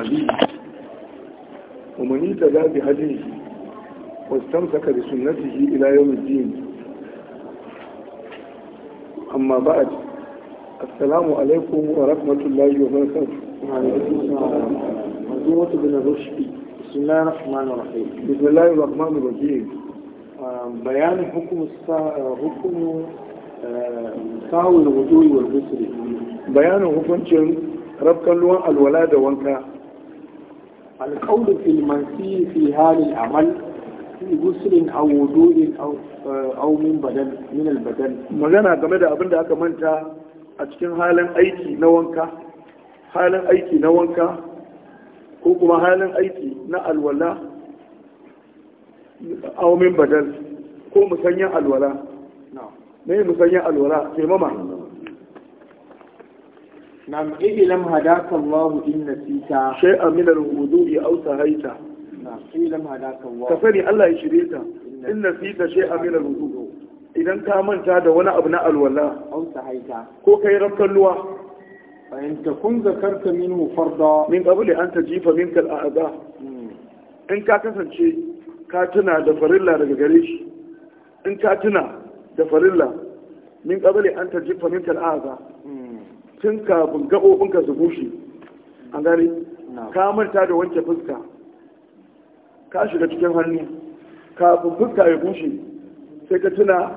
alihi umarni ta zafi hadin shi wasan saka da sunnati shi ila yau mutum amma ba a assalamu alaikum wa rahmatullahi wa barakatuhu wa rahmatullahi wa barakatuhu wa rahmatullahi wa barakatuhu bayanin hukumu sa'awar wudu wa gusuri bayanin hukuncin rafkan ruwan alwala da wanka القول في المنسي في حال العمل في غسل او وضوء او او من بدن من البدن magana game da abinda aka manta a cikin halin aiki na wanka halin aiki na wanka ko kuma halin aiki na alwala aw min badal ko musanyan alwala me musanyan alwala taimama nam ilam hadaka Allah in nasita shay'a min al-wudu'i aw sahaita nam ilam hadaka Allah Allah ya shirye ta in nasita shay'a min al-wudu'i idan ka manta da wani abu na alwala aw sahaita ko kai rafkan luwa fa in takun zakarta minhu farda min qabli an tajifa minka al-a'za hmm. in ka kasance ka da farilla daga gare shi in da farilla an aza tun kafin gaɓoɓinka su bushe an gani ka manta da wanke fuska ka shiga cikin hannu kafin fuska ya bushe sai ka tuna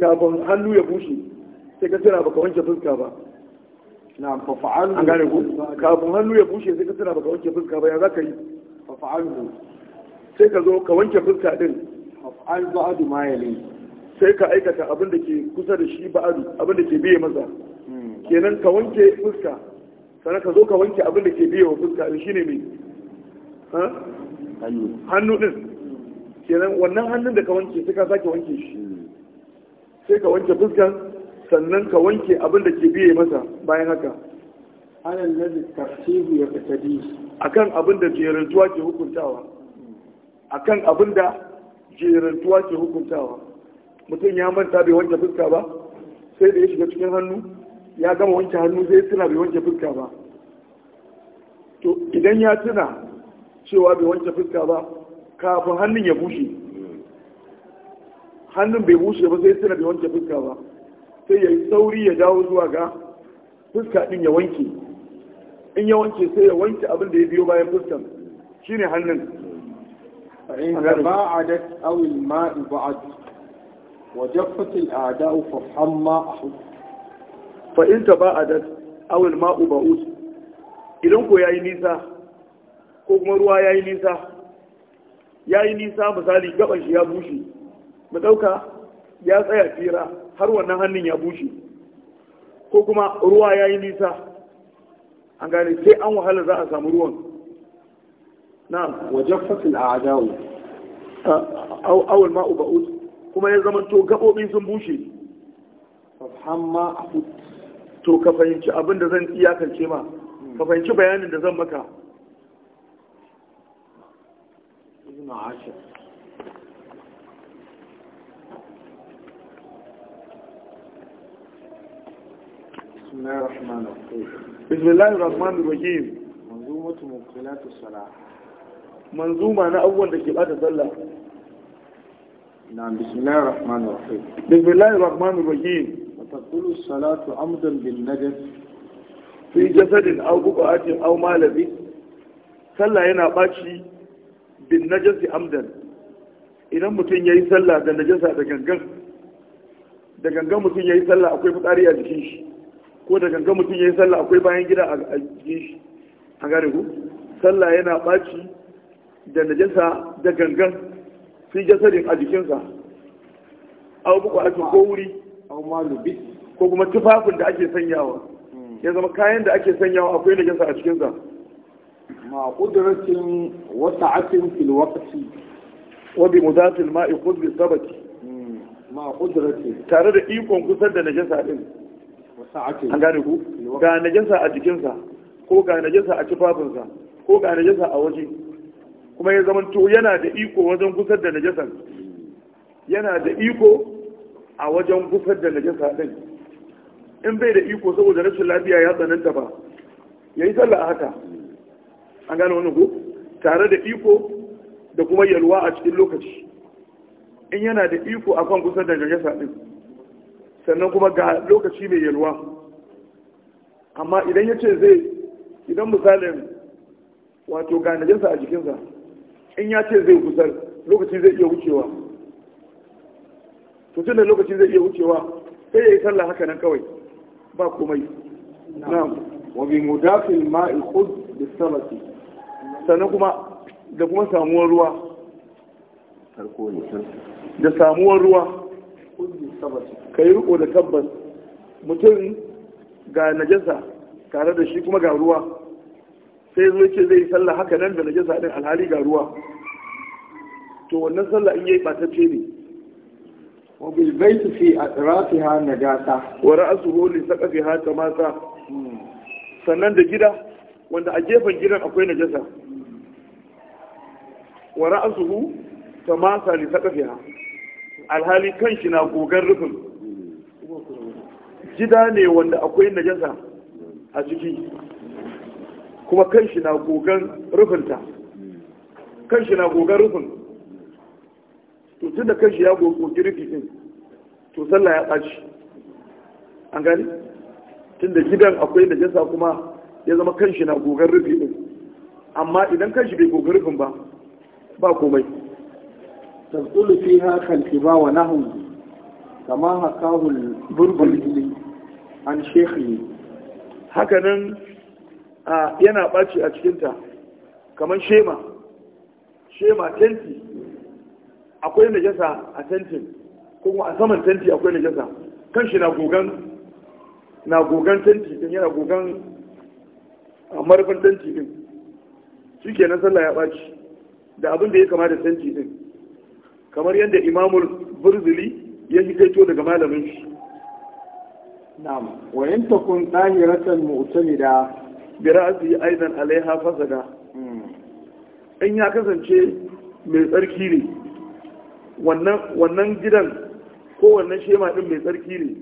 kafin hannu ya bushe sai ka tuna baka wanke fuska ba na fafa'an an gane ku kafin hannu ya bushe sai ka tuna baka wanke fuska ba ya za ka yi fafa'an sai ka zo ka wanke fuska din fafa'an ba'adu ma yali sai ka aikata abin da ke kusa da shi ba'adu abin da ke biye masa kenan ka wanke fuska sannan ka zo ka wanke abin da ke biya wa fuska in shine mai hannu din kenan wannan hannun da ka wanke sai ka sake wanke shi sai ka wanke fuskan sannan ka wanke abin da ke biye masa bayan haka na da tafsiru ya a kan abin da jerantuwa ke hukuntawa kan abin da jerantuwa ke hukuntawa mutum ya manta bai wanke fuska ba sai da ya shiga cikin hannu ya gama wanke hannu zai tuna bai wanke fuska ba to idan ya tuna cewa bai wanke fuska ba kafin hannun ya bushe hannun bai bushe ba zai tuna bai wanke fuska ba sai ya yi sauri ya dawo zuwa ga fuska din ya wanke in ya wanke sai ya wanke abin da ya biyo bayan fuskan shine hannun a da ba'adat awil ma'i ba'ad wa jaffatil a'da'u fa hamma fa in taba'adat aw al ma'u ba'ud idan ko yayi nisa ko kuma ruwa yayi nisa yayi nisa misali gaban shi ya bushe mu dauka ya tsaya fira har wannan hannun ya bushe ko kuma ruwa yayi nisa an gane sai an wahala za a samu ruwan na'am wajaffatil a'da'u aw al ma'u ba'ud kuma ya zama to gabobi sun bushe hamma a to ka fahimci abin da zan iyakance ma ka fahimci bayanin da zan maka بسم الله الرحمن الرحيم منظومة مبطلات الصلاة منظومة أنا أول لك بعد صلاة نعم بسم الله الرحمن الرحيم بسم الله الرحمن الرحيم تقول الصلاة عمدا بالنجس في جسد أو بقعة أو ما لبس صلى هنا باشي بالنجس عمدا idan mutum ya yi sallah da najasa da gangan da gangan mutum ya yi sallah akwai fitsari a jikin shi ko da gangan mutum ya yi sallah akwai bayan gida a jikin shi an gare ku sallah yana ɓaci da najasa da gangan fi jasadin a jikinsa abubuwa a ko wuri ko kuma tufafin da ake sanyawa ya zama kayan da ake sanyawa akwai najasa a cikinsa ma kudratin wata asin fil waqti wa bi mudatil ma'i khudh bi sabati hmm, ma kudratin tare da ikon kusa da najasa din an gane ku ga najasa a jikinsa ko ga najasa a tufafinsa ko ga najasa a waje kuma ya zama to yana da iko wajen kusa da najasan hmm. yana da iko a wajen gufar da najasa din in bai da iko saboda rashin lafiya ya tsananta ba ya yi sallah a haka an gane wani ku tare da iko da kuma yalwa a cikin lokaci in yana da iko a kan kusan da najasa din sannan kuma ga lokaci mai yalwa amma idan ya ce zai idan misalin wato ga najasa a jikinsa in ya ce zai gusar lokaci zai iya wucewa to tun da lokaci zai iya wucewa sai ya yi sallah haka nan kawai ba komai na'am wa bi mudafil ma'i khudh bi salati sannan kuma da kuma samuwar ruwa farko ne da samuwar ruwa khudh bi salati kai riko da tabbas mutum ga najasa tare da shi kuma ga ruwa sai zo ce zai yi sallah haka nan da najasa din alhali ga ruwa to wannan sallah in yayi ce ne وبالبيت في أطرافها نجاسة ورأسه لسقفها تماسة sannan da gida wanda a gefen gidan akwai najasa wa ra'asuhu tamasa li saqafiha alhali kan shi na gogar rufin gida ne wanda akwai najasa a ciki kuma kan shi na gogar rufinta shi na gogar rufin to tun da kashi ya gogo rufi din to sallah ya tsaci. an gani tun da gidan akwai da najasa kuma ya zama kanshi na gogar rufi din amma idan kanshi bai gogar rufin ba ba komai tasulu fiha ba wa nahwu kama hakahu al-burbuli an shekhi hakanan yana ɓaci a cikinta kamar shema shema tenti akwai najasa a tantin ko kuma a saman tenti akwai najasa kan shi na gogan na gogan tenti din yana gogan a marfin tantin din shi nan sallah ya ɓaci da abin da ya kama da tenti din kamar yadda imamul burzili ya yi kaito daga malamin shi na'am wa in takun da bira su yi aizan alaiha fasada hmm. in ya kasance mai tsarki ne wannan gidan ko wannan shema din mai tsarki ne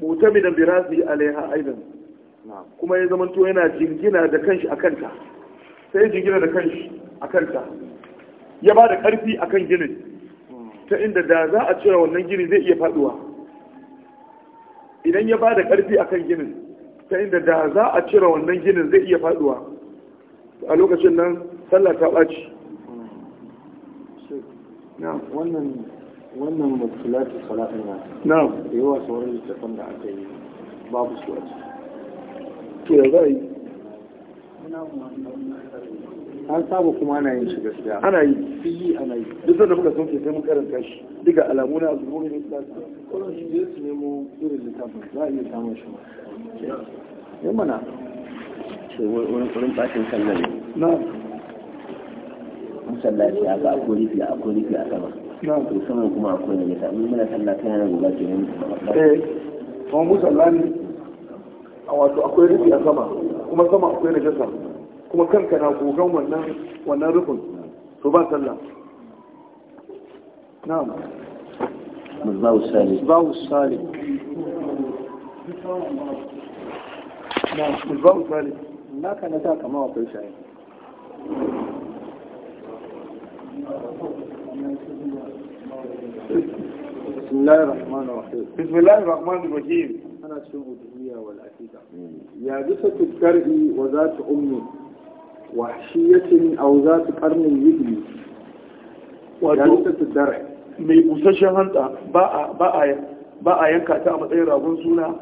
mutamidan bi birasi alaiha aidan kuma ya zama to yana jingina da kanshi a kanta sai jingina da kanshi a kanta ya ba da ƙarfi a kan ginin ta inda da za a cire wannan gini zai iya faduwa idan ya ba da ƙarfi a kan ginin ta inda da za a cire wannan ginin zai iya faduwa a lokacin nan sallah ta ɓaci wannan wannan mutulatu salatin na da yawa sauran littafan da aka yi babu su a yi an samu kuma ana yin shi gaskiya ana yi fiyi ana yi duk da muka sauke sai mun karanta shi duka alamu na azubu ne kullum shi zai su nemo irin littafin za a iya samun shi ma yan mana ce wurin bacin sallah ne na'am masallaci haka akwai rufi akwai rufi a sama to sama kuma akwai na nisa mun muna sallah kai na gobe ke nan eh kuma ne a wato akwai rufi a sama kuma sama akwai najasa kuma kanka na gogan wannan wannan rufin to ba sallah na'am مصباح السالك sali. السالك نعم مصباح السالك ما كان ذاك ما وقع شيء بسم الله الرحمن الرحيم أنا يا جثة الكرء وذات أمي وحشية أو ذات قرن يبني يا جثة الدرع mai busasshen hanta ba a yanka ta a matsayin ragon suna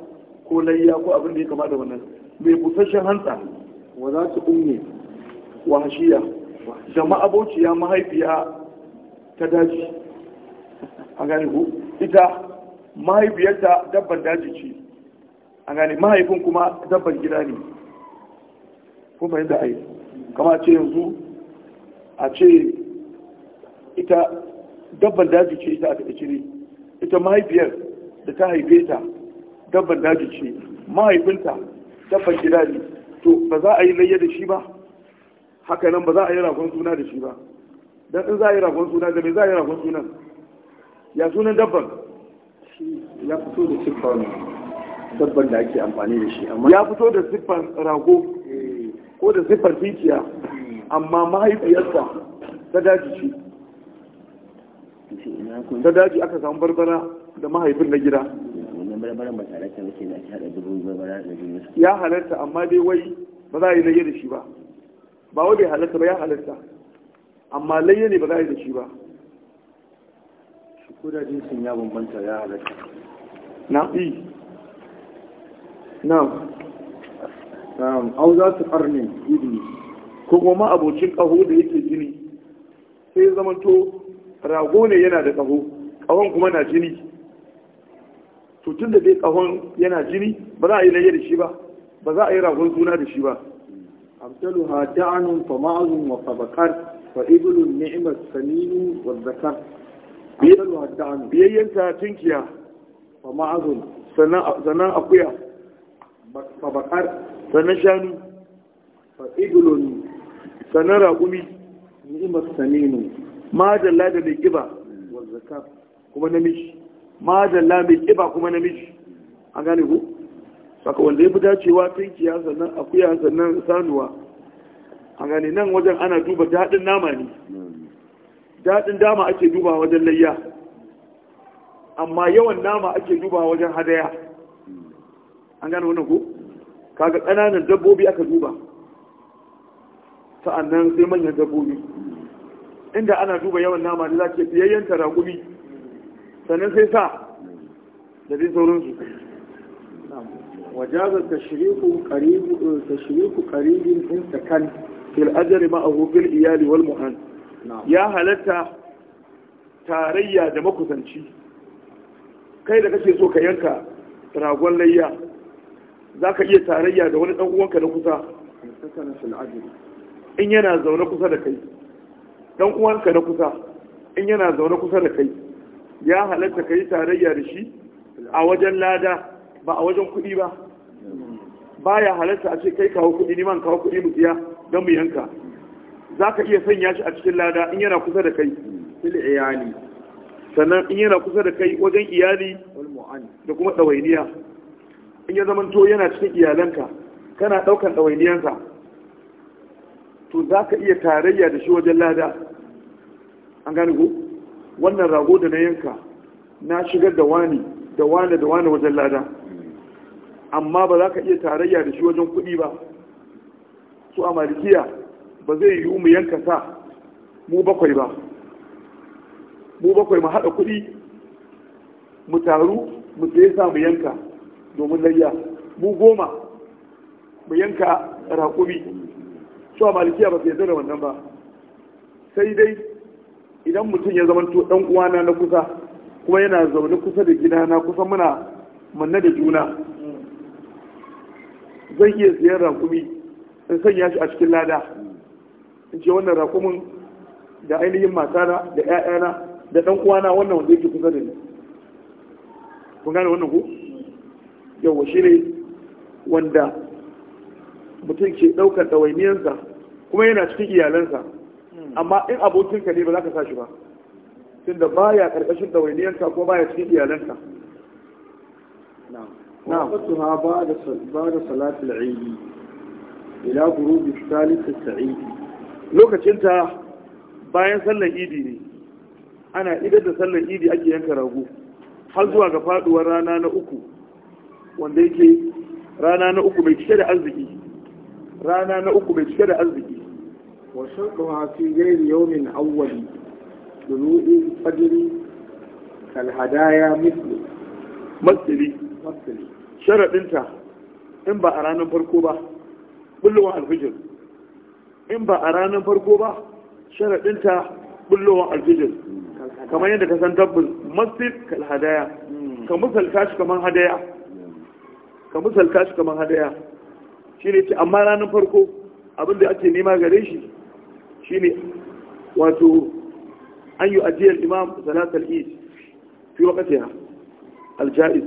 ko layya ko abin da ya kama da wannan mai busasshen hanta wa za ta umme wa hashiya da ma'abociya mahaifiya ta daji a gani ku ita mahaifiyarta dabban daji ce a gani mahaifin kuma dabban gida ne kun a ai kama ce yanzu a ce ita dabban daji ce ita a taɓa cire ita mahaifiyar da ta haife ta dabban daji ce mahaifinta dabban gida ne to ba za a yi layya da shi ba haka nan ba za a yi ragon suna da shi ba dan in za a yi ragon suna da me za a yi ragon sunan ya sunan dabban ya fito da siffan dabban da ake amfani da shi amma ya fito da siffan rago ko da siffan tikiya amma mahaifiyarsa ta daji ce ta daji aka samu barbara da mahaifin na gida ya halarta amma dai wai ba za a yi na yi da shi ba ba wai bai halatta ba ya halatta amma layya ne ba za a yi da shi ba ko da jinsin ya bambanta ya halatta na ɓi na au za su ƙarni idini ko goma abocin ƙaho da yake jini sai zamanto rago ne yana da ƙaho ƙahon kuma na jini Tutun da dai ƙahon yana jini ba za a yi layya da shi ba ba za a yi ragon suna da shi ba أمثلها دعن فمعز وفبكر فإبل النعمة السمين والذكر أمثلها الدعن بيينتا تنكيا فمعز سنا أقيا فبكر سنشان فإبل سنرى أمي نعمة saninu ما جلال mai kiba wa zakat kuma namiji madalla mai kiba kuma namiji an saka wanda ya fi dacewa tinkiya sannan akuya sannan sanuwa a gani nan wajen ana duba daɗin nama ne daɗin dama ake duba wajen layya amma yawan nama ake duba wajen hadaya an gani wani ko kaga ƙananan dabbobi aka duba sa'annan sai manyan dabbobi inda ana duba yawan nama ne za ke fiyayyen raƙumi sannan sai sa da zai sauransu وجاز التشريك قريب تشريك قريب إن سكن في الأجر معه في الإيال والمهن يا kai da kake so ka yanka ragon layya za ka iya tarayya da wani ɗan uwanka na kusa in yana zaune kusa da kai ya halatta ka yi tarayya da shi a wajen lada ba a wajen kuɗi ba baya halarta a ce kai kawo kuɗi neman kawo kuɗi mu biya don mu yanka za ka iya sanya shi a cikin lada in yana kusa da kai iyali sannan in yana kusa da kai wajen iyali da kuma ɗawainiya in ya zama to yana cikin iyalanka kana ɗaukan ɗawainiyansa to za ka iya tarayya da shi wajen lada an gani ku wannan rago da na yanka na shigar da wani da wani da wani wajen lada amma ba za ka iya tarayya da shi wajen kuɗi ba su a malikiya ba zai yi mu yanka sa mu bakwai ba mu bakwai mu haɗa kuɗi mu taru mu tsaye sa mu yanka domin layya mu goma mu yanka raƙumi su a malikiya ba sai yarda da wannan ba sai dai idan mutum ya zama to ɗan uwana na kusa kuma yana zaune kusa da gidana kusa muna manne da juna zan iya siyan rakumi in sanya shi a cikin lada in ce wannan rakumin da ainihin matana da 'ya'yana da ɗan uwana wannan wanda yake kusa da ni kun gane wannan ku? yawa shi ne wanda mutum ke ɗaukar ɗawainiyarsa kuma yana cikin iyalansa amma in abokinka ne ba za ka sa shi ba tunda baya ƙarƙashin ɗawainiyarsa ko baya cikin iyalansa وقتها بعد بعد صلاة العيد إلى غروب الثالث السعيد lokacin ta bayan sallar idi ne ana idar da sallar idi ake yanka rago har zuwa ga faɗuwar rana na uku wanda yake rana na uku mai cike da arziki rana na uku mai cike da arziki wa shaqqaha fi ghayri yawmin awwali dulu'i fajri kal hadaya mithli matsili sharaɗinta in ba a ranar farko ba bullowar alfijir in ba a ranar farko ba sharaɗinta bullowar alfijir kamar yadda ka san tabbin masjid kalhadaya hadaya ka misalta shi kamar hadaya ka misalta shi kamar hadaya shi ne amma ranar farko abinda ake nema gare shi shi ne wato an yi ajiyar imam salatar eid fi wakatiya aljaiz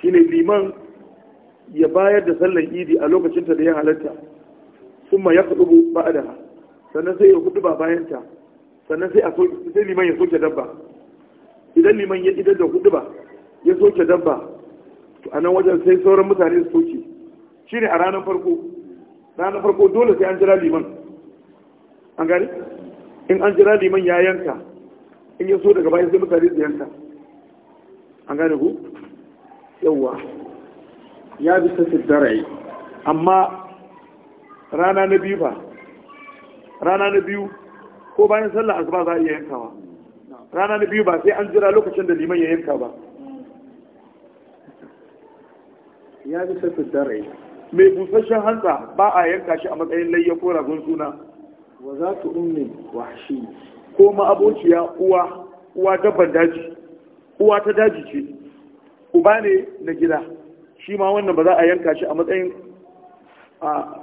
shi ne liman ya bayar da sallar idi a lokacin ta da ya halatta ma ya kudu ba'daha sannan sai ya kudu ba bayan ta sannan sai a sai liman ya soke dabba idan liman ya idar da kudu ba ya soke dabba to nan wajen sai sauran mutane su soke ne a ranar farko ranar farko dole sai an jira liman an gani? in an jira liman ya yanka in ya so daga bayan sai mutane su yanka an gane ku yawwa ya bi siddara yi amma rana na biyu ba rana na biyu ko bayan sallar asuba za a iya yankawa rana na biyu ba sai an jira lokacin da liman ya yanka ba ya bi siddara yi mai busasshen hansa ba a yanka shi a matsayin layya ko ragon suna wa za ta wa shi ko ma uwa uwa dabban daji uwa ta daji ce uba ne na gida shi ma wannan ba za a yanka shi a matsayin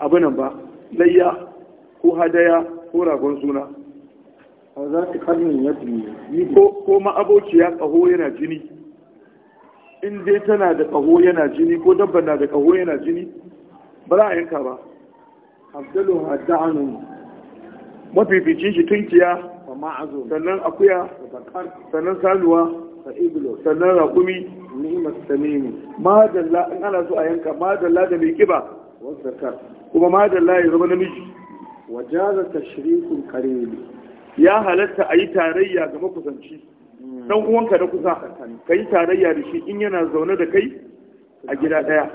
abinan ba layya ko hadaya ko ragon suna a za ta karnin ya ko ma abociya ƙaho yana jini in dai tana da ƙaho yana jini ko dabba na da ƙaho yana jini ba za a yanka ba abdullu hadda'anu mafificin shi tunkiya sannan akuya sannan saluwa sannan rakumi. ni'mat tamimi ma dalla in ana so a yanka ma da mai kiba wanda ka kuma ma ya zama namiji wajaza tashrikun qarib ya halatta a yi tarayya ga makusanci hmm. dan uwanka da kusa ka yi tarayya da shi in yana zaune da kai a gida daya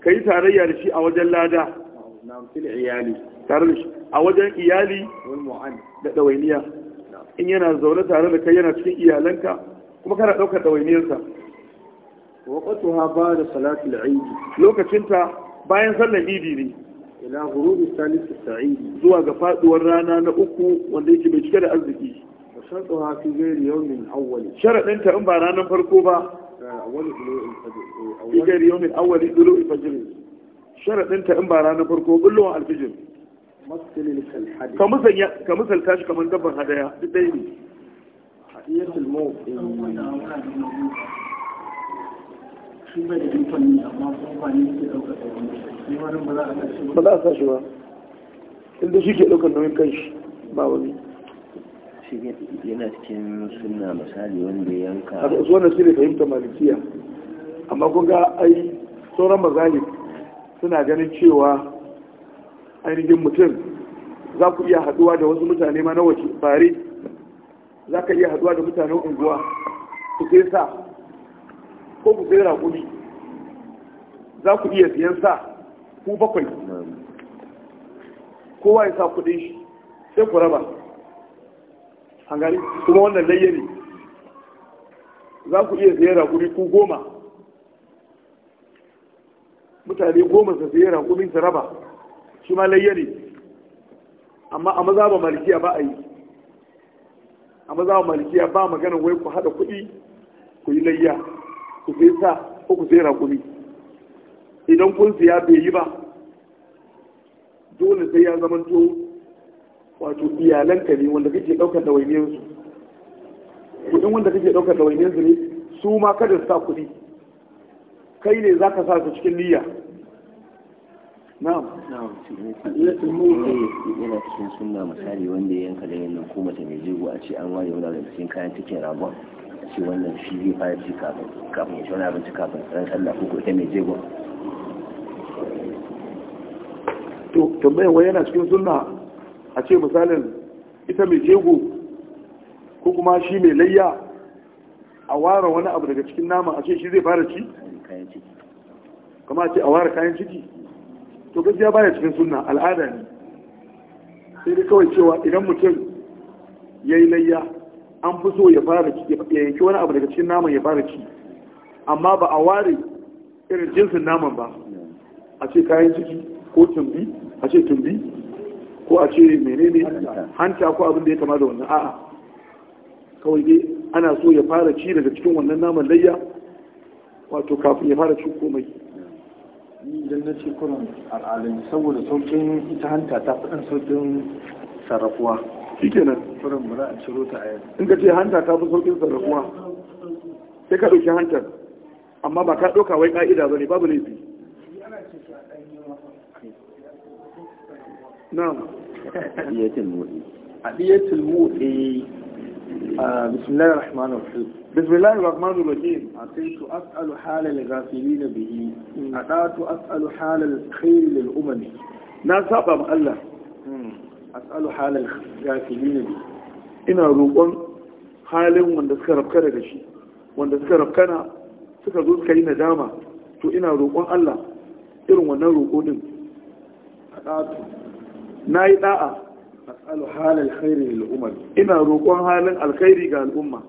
ka yi tarayya da shi a wajen lada tare da shi a wajen iyali da ɗawainiya in yana zaune tare da kai yana cikin iyalanka kuma kana ɗaukar ɗawainiyarsa waqtuha ba'da salati al-eid lokacin ta bayan sallar idi ne ila ghurubi Salisu sa'id zuwa ga faduwar rana na uku wanda yake mai cike da arziki shartuha fi ghairi yawmin awwal sharadin Sharaɗinta in ba ranar farko ba awwal dulu'il fajr fi ghairi yawmin awwal dulu'il in ba ranar farko bullowa al-fajr ka misalta shi kamar dabbar hadaya duk ɗaya ne shi bai da ikon ne amma kuma ba ne yake ɗaukar ɗaukin shi wani ba za a tashi ba ba a tashi ba inda shi ke ɗaukar nauyin kanshi ba wani shi yana cikin suna misali wanda yanka a su wannan shi ne fahimta malikiya amma kun ga ai sauran mazalik suna ganin cewa ainihin mutum za ku iya haɗuwa da wasu mutane ma na waje bare za ka iya haɗuwa da mutanen unguwa ku sai sa ko ku sai raƙumi za ku iya siyan sa ku bakwai kowa ya sa kuɗin shi sai ku raba an gani kuma wannan layya ne za ku iya siyan raƙumi ku goma mutane goma su siyan raƙumi su raba shi ma layya ne amma a maza ba malikiya ba a yi a maza ba malikiya ba maganin wai ku haɗa kuɗi ku yi layya ku sai sa ko ku sai raƙumi idan kun siya bai yi ba dole sai ya zamanto wato iyalanka ne wanda kake ɗaukar ɗawainiyarsu kuɗin wanda kake ɗaukar ɗawainiyarsu ne su ma kada su sa kudi kai ne za ka sa su cikin niyya na'am yana cikin suna misali wanda yanka da yannan ko mace mai jigo a ce an ware wani daga cikin kayan cikin ragon ce wannan shi zai fara ci kafin ya shauna abinci kafin tsaron sallah ko ita mai jego to tambayin wai yana cikin sunna a ce misalin ita mai jego ko kuma shi mai layya a ware wani abu daga cikin nama a ce shi zai fara ci kama ce a ware kayan ciki to gaskiya baya cikin sunna al'ada ne sai dai kawai cewa idan mutum ya yi layya an fi so ya fara ci ya yanki wani abu daga cikin naman ya fara ci amma ba a ware irin jinsin naman ba a ce kayan ciki ko tumbi a ce tumbi ko a ce menene hanta ko abin da ya kama da wannan a'a kawai dai ana so ya fara ci daga cikin wannan naman layya wato kafin ya fara ci komai Ni idan na ce kuma al'adun saboda saukin ita hanta ta fi saukin sarrafuwa shi kenan in ka ce hanta ta fi saukin sarrafuwa sai ka ɗauki hantar amma ba ka ɗauka wai ƙa'ida ba ne babu laifi na'am adiyatul mu'i adiyatul mu'i bismillahir rahmanir rahim بسم الله الرحمن الرحيم أتيت أسأل حال الغافلين به أتات أسأل حال الخير للأمم ناسا الله as'alu halal gafilina bi ina roƙon halin wanda suka rabka daga shi wanda suka rabkana suka zo suka yi nadama to ina roƙon Allah irin wannan roƙo din na yi da'a as'alu halal khairi lil umar ina roƙon halin alkhairi ga al'umma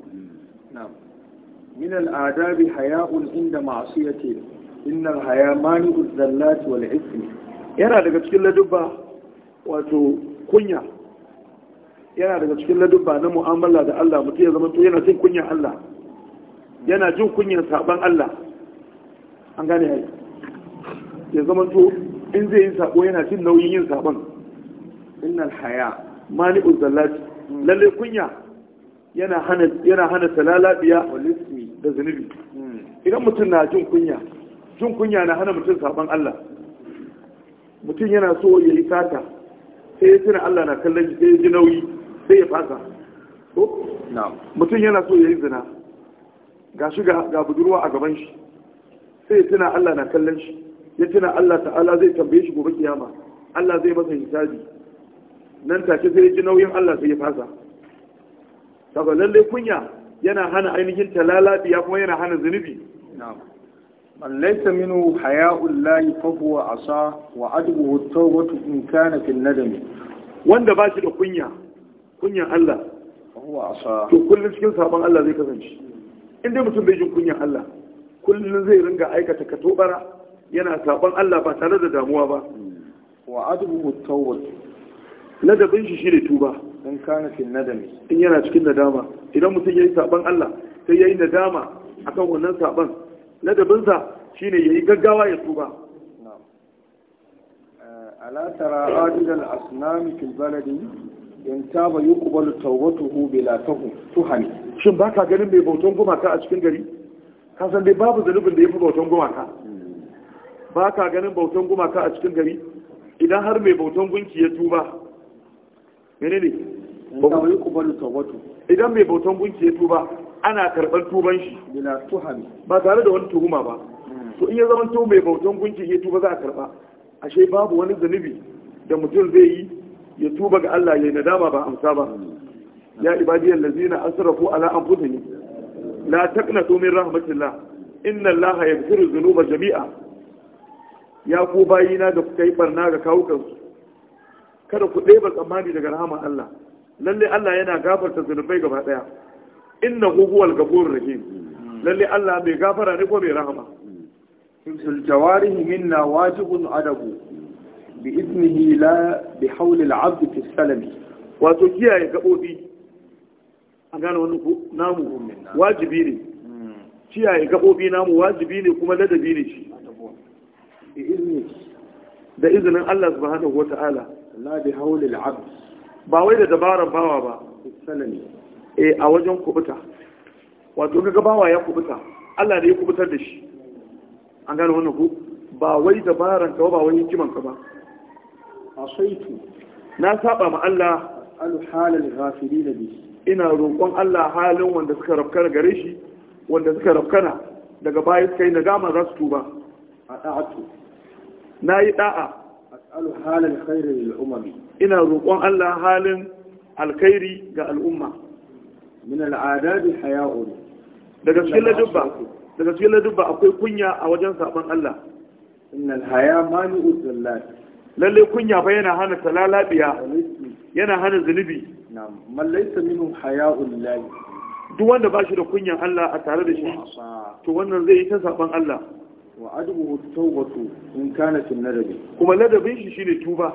min al'adabi haya'un inda ma'asiyati innal haya mani'uz zallati wal ismi yana daga cikin ladubba wato kunya yana daga cikin ladubba na mu'amala da Allah mutum ya zama to yana jin kunya Allah yana jin kunya saban Allah an gane ya ya zama to in zai yi sabo yana jin nauyin yin saban innal haya Mani, zallati lalle kunya yana hana yana hana talalabiya da zunubi idan mutum na jin kunya jin kunya na hana mutum saban Allah mutum yana so ya yi sata sai ya tuna Allah na kallon shi sai ya ji nauyi sai ya fasa ko mutum yana so ya yi zina ga shi ga budurwa a gaban shi sai ya tuna Allah na kallon shi ya tuna Allah ta'ala zai tambaye shi gobe kiyama Allah zai masa hisabi nan take sai ya ji nauyin Allah sai ya fasa saboda lalle kunya yana hana ainihin biya kuma yana hana zunubi na'am man laysa minhu haya'ul lahi fa huwa asa wa adbu tawbatu in kana fil nadami wanda ba shi da kunya kunyan Allah to kullun cikin sabon Allah zai kasance inda mutum bai jin kunyan Allah kullun zai ringa aikata katobara yana sabon Allah ba tare da damuwa ba wa adbu tawbatu ladabin shi shine tuba in kana fil nadami in yana cikin nadama idan mutum yi sabon Allah sai yi nadama akan wannan sabon ladabinsa ya yi gaggawa ya tuba eh, alatara tara adidal asnami fil baladi in taba yuqbalu tawbatuhu bila tuhani shin ba ka ganin mai bautan gumaka a cikin gari Kasan dai babu zanubin da ya fi bautan gumaka hmm. ka ganin bautan gumaka a cikin gari idan har mai bautan gunki ya tuba ne? ba ku yi kubalu tawbatu idan mai bautan gunki ya tuba ana karɓar tuban shi ba tare da wani tuhuma ba to in ya zama to mai bautan gunki ya tuba za a karɓa ashe babu wani zunubi da mutum zai yi ya tuba ga Allah ya nadama ba amsa ba ya ibadiyar lazina asrafu ala anfusihim la taqnatu min rahmatillah inna Allah yaghfiru dhunuba jami'a ya ku bayina da kuka yi barna ga kawukansu kada ku ɗeba tsammani daga rahama Allah lalle Allah yana gafarta zunubai gaba ɗaya inna huwal gafurur rahim lalle Allah bai gafara ne ko mai rahama sul jawarihi minna wajibun adabu bi iznihi la bi hawli al-abd fi wa wato kiyaye gabobi an gane wani namu wajibi ne kiyaye gabobi namu wajibi ne kuma ladabi ne shi da izinin Allah subhanahu ta'ala. la bi hawli al-abd ba wai da dabaran bawa ba salami E a wajen kubuta wato ga gabawa ya kubuta Allah da ya kubutar da shi an gane wannan ku ba wai dabaran ka ba wani kiman ka ba asaitu na saba ma Allah alhalal ghafirin bi ina roƙon Allah halin wanda suka rafkana gare shi wanda suka rafkana daga baya Kai na gama za su tuba a da'atu na yi da'a alhalal khairin lil umami ina roƙon Allah halin alkhairi ga al'umma min al'adadi haya'un daga cikin ladubba daga cikin ladubba akwai kunya a wajen sabon Allah innal haya lalle kunya fa yana hana talalabiya yana hana zunubi na'am man laysa haya'un lillahi duk wanda ba shi da kunyan Allah a tare da shi to wannan zai yi ta sabon Allah wa tawbatu in kana kuma ladabin shi shine tuba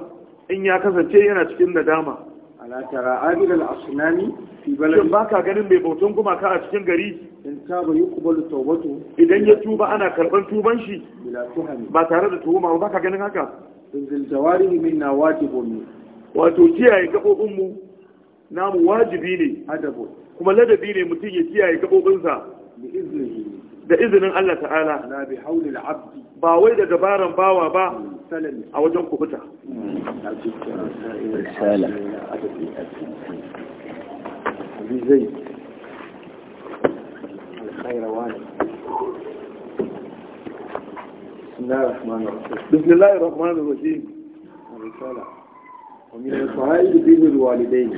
in ya kasance yana cikin nadama ala tara abid al asnami fi balad shin baka ganin mai bautan gumaka a cikin gari in taba yuqbalu tawbatu idan ya tuba ana karban tuban shi ba tare da tuhuma ba ka ganin haka zil jawarihi min nawajibun wato kiyaye gabobin mu namu wajibi ne adabu kuma ladabi ne mutum ya kiyaye gabobinsa bi iznihi da izinin Allah ta'ala la bi haulil abdi ba wai da gabaran bawa ba a wajen kubuta risala zai alkhairawani بسم الله الرحمن الرحيم الرسالة ومن الفوائد بر الوالدين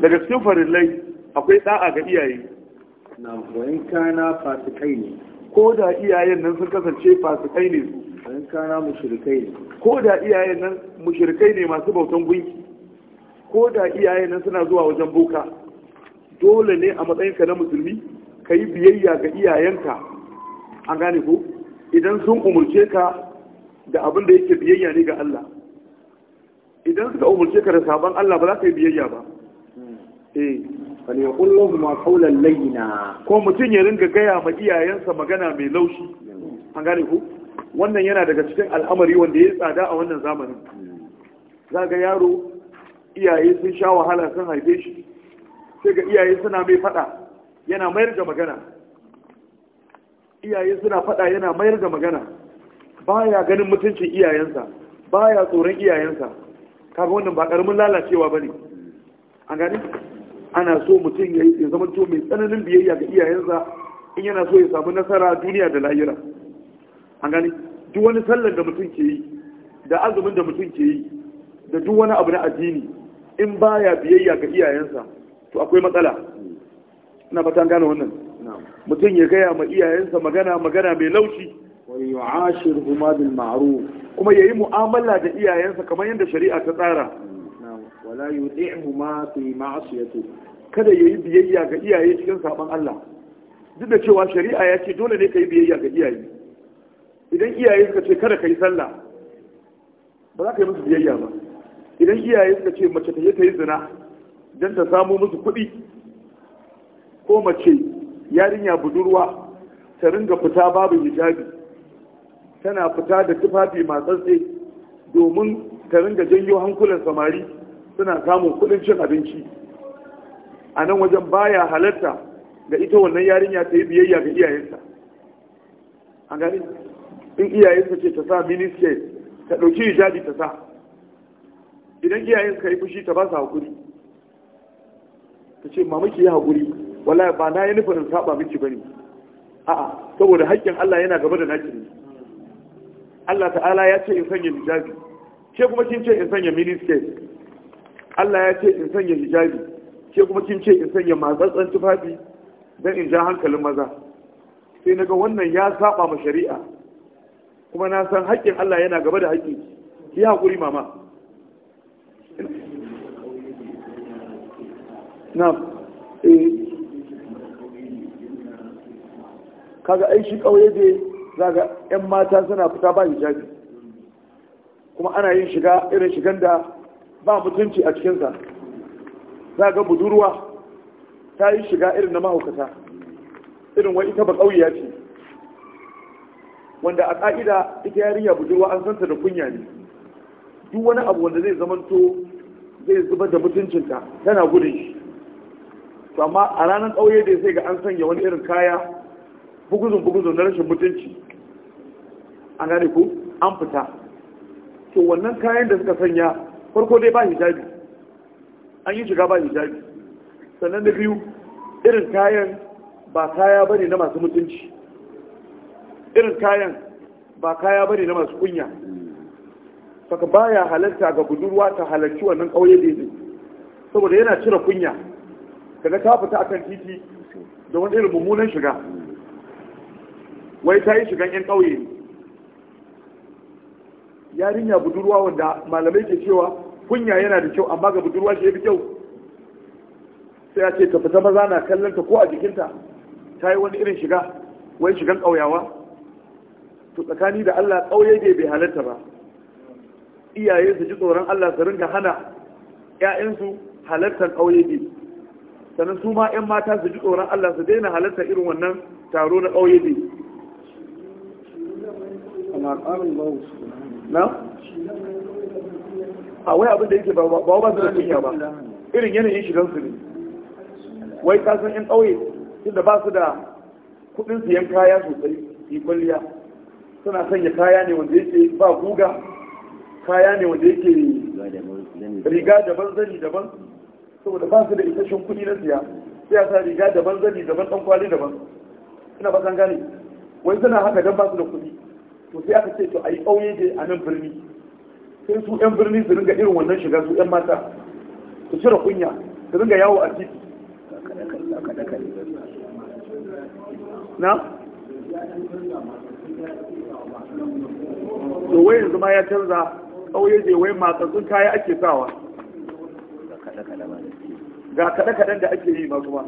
daga cikin farillai akwai da'a ga iyaye na wayan kana fasikai ne ko da iyayen nan sun kasance fasikai ne su wayan kana mushrikai ne ko da iyayen nan mushrikai ne masu bautan gunki ko da iyayen nan suna zuwa wajen boka dole ne a matsayinka na musulmi ka yi biyayya ga iyayenka an gane ko idan sun umurce ka da abin da yake biyayya ne ga Allah idan suka umurce ka da sabon Allah ba za ka yi biyayya ba hmm. eh فليقول لهما قولا لينا ko mutum ya ringa gaya ma iyayensa magana mai laushi an gane ku wannan yana daga cikin al'amari wanda ya tsada a wannan zamanin za ga yaro iyaye sun sha wahala sun haife shi sai ga iyaye suna mai fada yana mayar da magana iyaye suna fada yana mayar da magana baya ganin mutuncin iyayensa baya tsoron iyayensa kaga wannan ba karamin lalacewa bane an gane ana so mutum ya ya zama to mai tsananin biyayya ga iyayensa in yana so ya samu nasara duniya da lahira an gani duk wani sallar da mutum ke yi da azumin da mutum ke yi da duk wani abu na addini in baya biyayya ga iyayensa to akwai matsala ina fatan gane wannan mutum ya gaya ma iyayensa magana magana mai laushi wani yu'ashiru bil ma'ruf kuma yayi mu'amala da iyayensa kamar yadda shari'a ta tsara wala yuti'hu ma fi ma'siyati kada yayi biyayya ga iyaye cikin saban Allah duk da cewa shari'a ya ce dole ne kai biyayya ga iyaye idan iyaye suka ce kada kai sallah ba za ka yi musu biyayya ba idan iyaye suka ce mace ta yi ta yi zina don ta samu musu kuɗi ko mace yarinya budurwa ta ringa fita babu hijabi tana fita da tufafi tsaye, domin ta ringa janyo hankulan samari suna samun kudin cin abinci a nan wajen baya halatta ga ita wannan yarinya ta yi biyayya ga iyayensa. a gani in iyayensa ce ta sa miniskate ta ɗauki hijabi ta sa idan iyayen suka yi fushi ta ba sa haƙuri ta ce ma ki yi haƙuri wala ba na yi nufin in saba miki bane a'a saboda haƙƙin Allah yana gaba da naki ne Allah ta'ala ya ce in sanya hijabi ke kuma kin ce in sanya miniskate Allah ya ce in sanya hijabi ke kuma kin ce in sanya matsatsan tufafi don in ja hankalin maza sai naga wannan ya saba ma shari'a kuma na san haƙƙin Allah yana gaba da haƙƙi ki haƙuri mama na eh kaga ai shi kauye dai zaga yan mata suna fita ba hijabi kuma ana yin shiga irin shigan da ba mutunci a cikinsa za ga budurwa ta yi shiga irin na mahaukata irin wani ita ba ƙauya ce wanda a ƙa'ida ita yarinya budurwa an santa da kunya ne duk wani abu wanda zai zamanto zai zubar da mutuncinta tana gudun shi to amma a ranar ƙauye da sai ga an sanya wani irin kaya buguzun buguzun na rashin mutunci an gane ku an fita to wannan kayan da suka sanya farko dai ba hijabi an yi shiga ba hijabi sannan na biyu irin kayan ba kaya ba ne na masu mutunci irin kayan ba kaya ba ne na masu kunya saka baya halarta ga budurwa ta halarci wannan kauye da saboda yana cire kunya Kada ka fita akan titi da wani irin mummunan shiga wai ta yi shigan yan ƙauye. yarinya budurwa wanda malamai ke cewa kunya yana da kyau amma ga budurwa shi ya fi kyau sai a ce ta fita maza na kallon ta ko a jikinta ta yi wani irin shiga wai shigan ƙauyawa to tsakani da Allah ƙauye ne bai halarta ba iyaye su ji tsoron Allah su ringa hana ƴaƴansu halartar ƙauye ne sannan su ma ƴan mata su ji tsoron Allah su daina halarta irin wannan taro na ƙauye ne na a wai abin da yake ba ba su da kunya ba irin yanayin shigan su ne wai ka san yan ƙauye inda ba su da kuɗin siyan kaya sosai yi kwalliya suna sanya kaya ne wanda yake ba guga kaya ne wanda yake riga daban zani daban saboda ba su da isasshen kudi na siya sai a sa riga daban zani daban ɗan kwali daban ina ba san gane wai suna haka don ba su da kuɗi to sai aka ce to a yi ƙauye a nan birni sai su 'yan birni su ringa irin wannan shiga su 'yan mata su cire kunya su ringa yawo a titi na? to wai yanzu ma ya canza ƙauye je wai matsatsun kaya ake sawa ga kaɗe-kaɗen da ake yi masu ba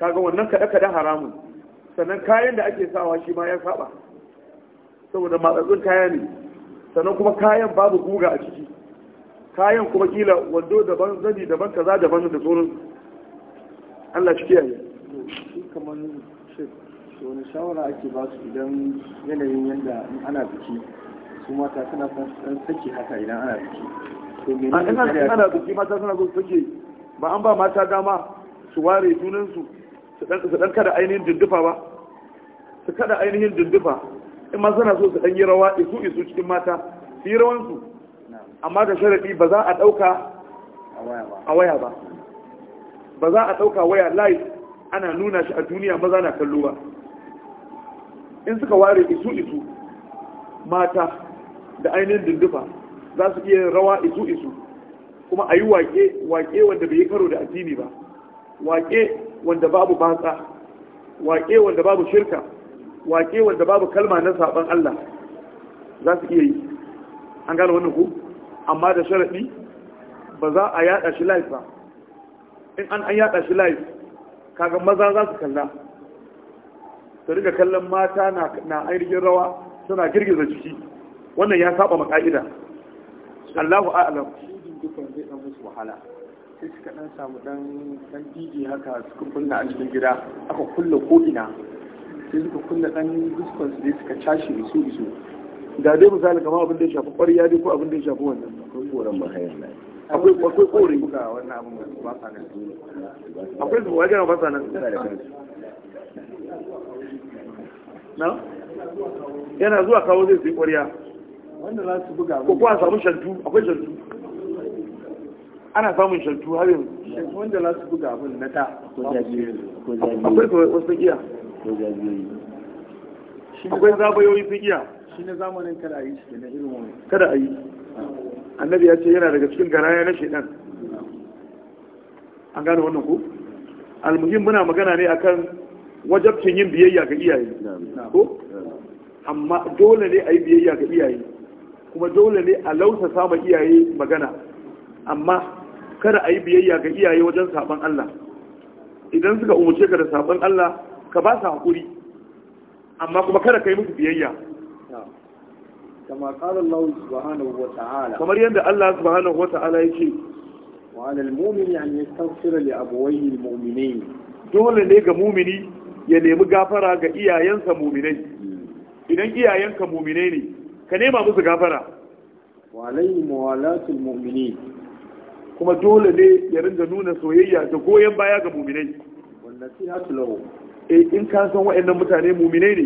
kaga wannan kaɗe-kaɗen haramun sannan kayan da ake sawa shi ma ya saba saboda matsatsun kaya ne sannan kuma kayan babu guga a ciki kayan kuma kila wando daban zani daban kaza daban da tsoron. Allah shi kiyaye shi kamar wani shawara ake ba su idan yanayin yadda ana biki su mata suna san sake haka idan ana biki a ina ana biki mata suna so sake ba an ba mata dama su ware junansu su ɗan kada ainihin dindufa ba su kada ainihin dindufa in ma suna so su ɗan rawa isu isu cikin mata su yi rawansu amma da sharaɗi ba za a ɗauka a waya ba ba za a ɗauka waya live ana nuna shi a duniya maza na kallo ba in suka ware isu isu mata da ainihin dindufa za su iya rawa isu isu kuma a yi wake wanda bai yi karo da addini ba wake wanda babu batsa wake wanda babu shirka wake wanda babu kalma na saban Allah za su iya yi an gane wannan ku amma da sharaɗi ba za a yada shi live ba in an an yada shi live kaga maza za su kalla su riga kallon mata na ainihin rawa suna girgiza jiki wannan ya saba maka'ida Allahu a'lam dukkan zai dan musu wahala sai suka dan samu dan dan DJ haka suka kunna a cikin gida aka kulle ko ina sai suka kunna ɗan diskon su suka cashe su isu da dai misali kamar abin da ya shafi ƙwarya dai ko abin da ya shafi wannan akwai koren mahayar na akwai akwai kore ga wannan abin ba sa nan akwai su wajen ba sa nan na yana zuwa kawo zai sai kwariya wanda za su buga ko kuwa samu shantu akwai shantu ana samun shantu har yanzu wanda za su buga abin na ta akwai wasu iya ko jaziyoyi akwai zabayoyi fikiya shi na zamanin kada a yi shi na irin wani kada a yi annabi ya ce yana daga cikin garaya na shaidan an gane wannan ku almuhim muna magana ne akan wajabcin yin biyayya ga iyaye ko amma dole ne a yi biyayya ga iyaye kuma dole ne a lausa sama iyaye magana amma kada a yi biyayya ga iyaye wajen saban Allah idan suka umarce ka da saban Allah ka ba su haƙuri amma kuma kada ka yi musu biyayya kamar yadda Allah subhanahu wa ta'ala ya ce wa alal mu'mini an yastaghfira li abawayhi al-mu'minin dole ne ga mumini ya nemi gafara ga iyayensa muminai hmm. idan iyayenka muminai ne ka nema musu gafara wa alayhi mawalatul mu'minin kuma dole ne ya ringa nuna soyayya da goyon baya ga muminai wannan nasiha lahu Eh, in ka san wa'annan mutane mumine ne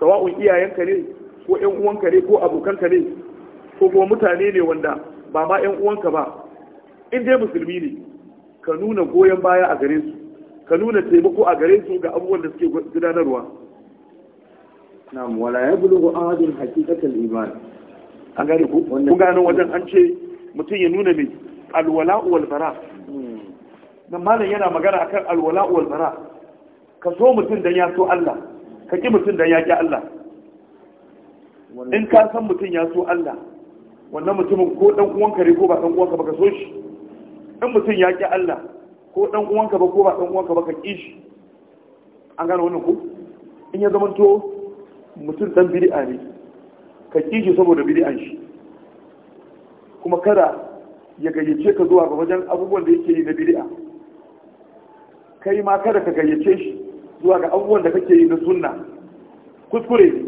sawa'un iyayenka ne ko ƴan uwanka ne ko abokanka ne ko kuma mutane ne wanda ba ma ƴan uwanka ba in dai musulmi ne ka nuna goyon baya a gare su ka nuna taimako a gare su ga abubuwan da suke gudanarwa na'am wala ya bulugu ahadin haqiqatul iman an gane ku ku gano wajen an ce mutum ya nuna mai alwala wal bara hmm. nan malam yana magana akan alwala wal bara ka so mutum don ya so Allah ka ƙi mutum don ya ƙi Allah in ka san mutum ya so Allah wannan mutumin ko ɗan uwanka ne ko ba ɗan ka ba ka so shi in mutum ya ƙi Allah ko ɗan ka ba ko ba ɗan ka ba ka ƙi shi an gano wannan ku? in ya zamanto mutum ɗan bid'a ne ka ƙi shi saboda bid'an shi kuma kada ya gayyace ka zuwa ga wajen abubuwan da yake yi na bid'a kai ma kada ka gayyace shi zuwa ga abubuwan da kake yi na sunna kuskure ne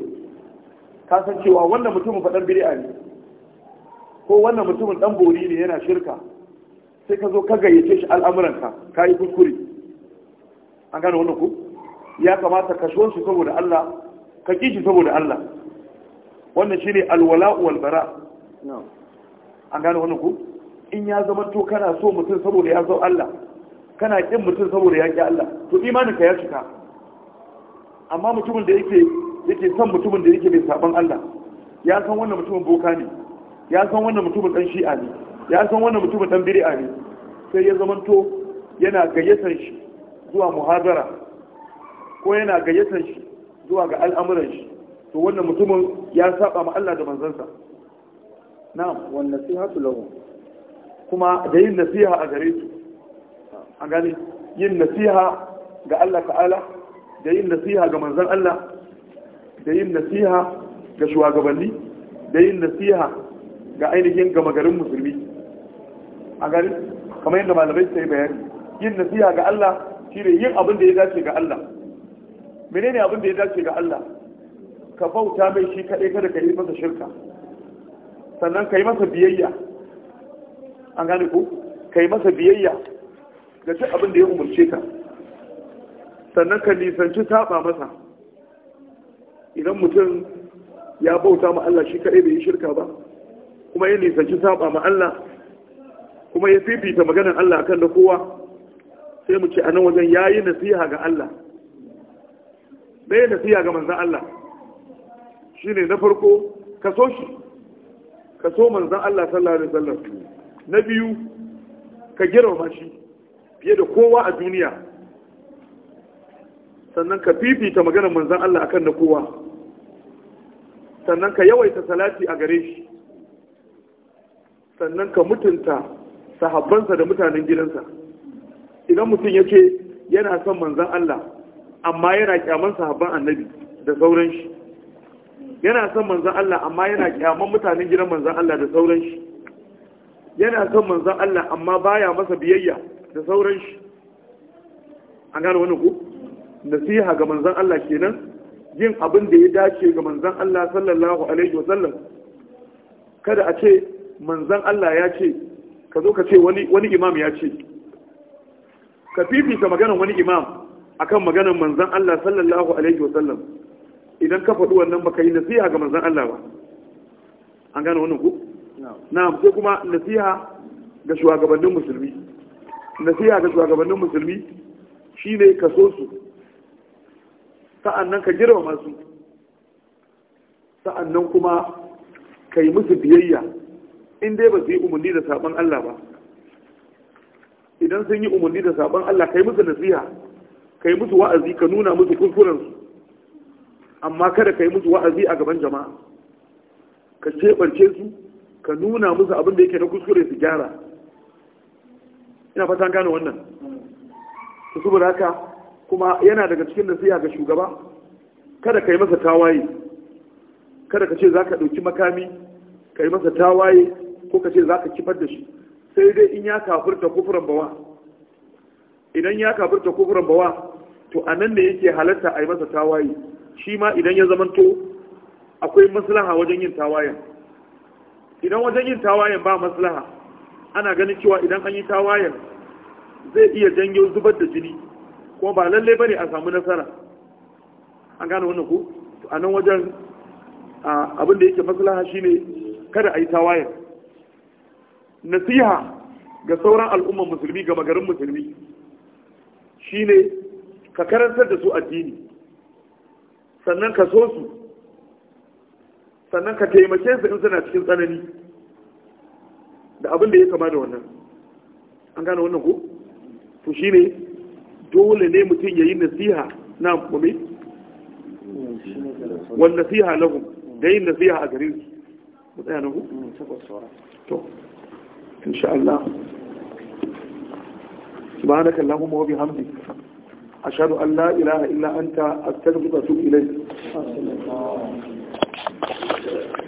ka san cewa wannan mutumin faɗan bid'a ne ko wannan mutumin ɗan bori ne yana shirka sai ka zo ka gayyace shi al'amuranka ka yi kuskure an gane wannan ku ya kamata ka shon shi saboda Allah ka ki shi saboda Allah wannan ne alwala'u wal bara an gane wannan ku in ya zama to kana so mutum saboda ya zo Allah kana kin mutum saboda ya ki Allah to imanin ka ya cika amma mutumin da yake yake son mutumin da yake mai saban Allah ya san wannan mutumin boka ne ya san wannan mutumin dan shi'a ne ya san wannan mutumin dan bid'a ne sai ya zamanto yana gayyatar shi zuwa muhadara ko yana gayyatar shi zuwa ga al'amuran shi to wannan mutumin ya saba ma Allah da manzansa na'am wan nasihatu lahu kuma da yin nasiha a gare su an gane yin nasiha ga Allah ta'ala da yin nasiha ga manzan Allah da yin nasiha ga shugabanni da yin nasiha ga ainihin gama garin musulmi a gari kamar yadda malamai sai bayani yin nasiha ga Allah shi ne yin abin da ya dace ga Allah menene abin da ya dace ga Allah ka bauta mai shi kaɗai kada ka yi masa shirka sannan ka yi masa biyayya an gane ko ka yi masa biyayya ga duk abin da ya umarce ka sannan ka nisanci taɓa masa idan mutum ya bauta ma Allah shi kaɗai bai yi shirka ba kuma ya nisanci taɓa ma Allah kuma ya fifita maganar Allah akan da kowa sai mu ce a nan wajen ya yi nasiha ga Allah yi nasiha ga manzan Allah shi ne na farko ka so shi ka manzan Allah sallallahu alaihi wasallam na biyu ka girma shi fiye da kowa a duniya sannan ka fifita maganar manzan Allah akan na kowa sannan ka yawaita salati a gare shi sannan ka mutunta sahabbansa da mutanen gidansa idan mutum ya ce yana son manzan Allah amma yana kyaman sahabban annabi da sauran shi yana son manzan Allah amma yana kyaman mutanen gidan manzan Allah da sauran shi yana son manzan Allah amma baya masa biyayya da sauran shi an gane wani ku nasiha ga manzon Allah kenan yin abin da ya dace ga manzon Allah sallallahu alaihi wasallam kada a ce manzon Allah ya ce ka zo ka ce wani wani imam ya ce ka fifita maganar wani imam akan maganar manzon Allah sallallahu alaihi wasallam idan ka faɗi wannan baka yi nasiha ga manzon Allah ba an gane wannan ku na'am sai kuma nasiha ga shugabannin musulmi nasiha ga shugabannin musulmi shine ka so su sa'annan ka girmama su sa'annan kuma ka yi musu biyayya in dai ba su yi umarni da sabon Allah ba idan sun yi umarni da sabon Allah ka yi musu nasiha ka yi musu wa'azi ka nuna musu kuskurensu amma kada ka yi musu wa'azi a gaban jama'a ka ceɓarce su ka nuna musu abin da yake na kuskure su gyara ina fata gane wannan su saboda haka kuma yana daga cikin nasiha ga shugaba kada ka yi masa tawaye kada ka ce za ka ɗauki makami ka yi masa tawaye ko ka ce za ka kifar da shi sai dai in ya kafurta kufuran bawa idan ya kafurta kufuran bawa to a nan ne yake halatta a yi masa tawaye shi ma idan ya zamanto akwai maslaha wajen yin tawayen idan wajen yin tawayen ba maslaha ana ganin cewa idan an yi tawayen zai iya janyo zubar da jini kuma ba lalle bane a samu nasara an gane wannan ku a nan wajen abin da yake maslaha shine kada a yi tawayen nasiha ga sauran al'umman musulmi ga magarin musulmi shine ka karantar da su addini sannan ka so su sannan ka taimake su in suna cikin tsanani da abin da ya kama da wannan an gane wannan ku to shine dole ne mutum ya yi nasiha na kome wani nasiha lahum da yin nasiha a gare su mu tsaya nan to insha Allah subhanaka allahumma wa bihamdika أشهد أن لا إله إلا أنت أستغفرك إليك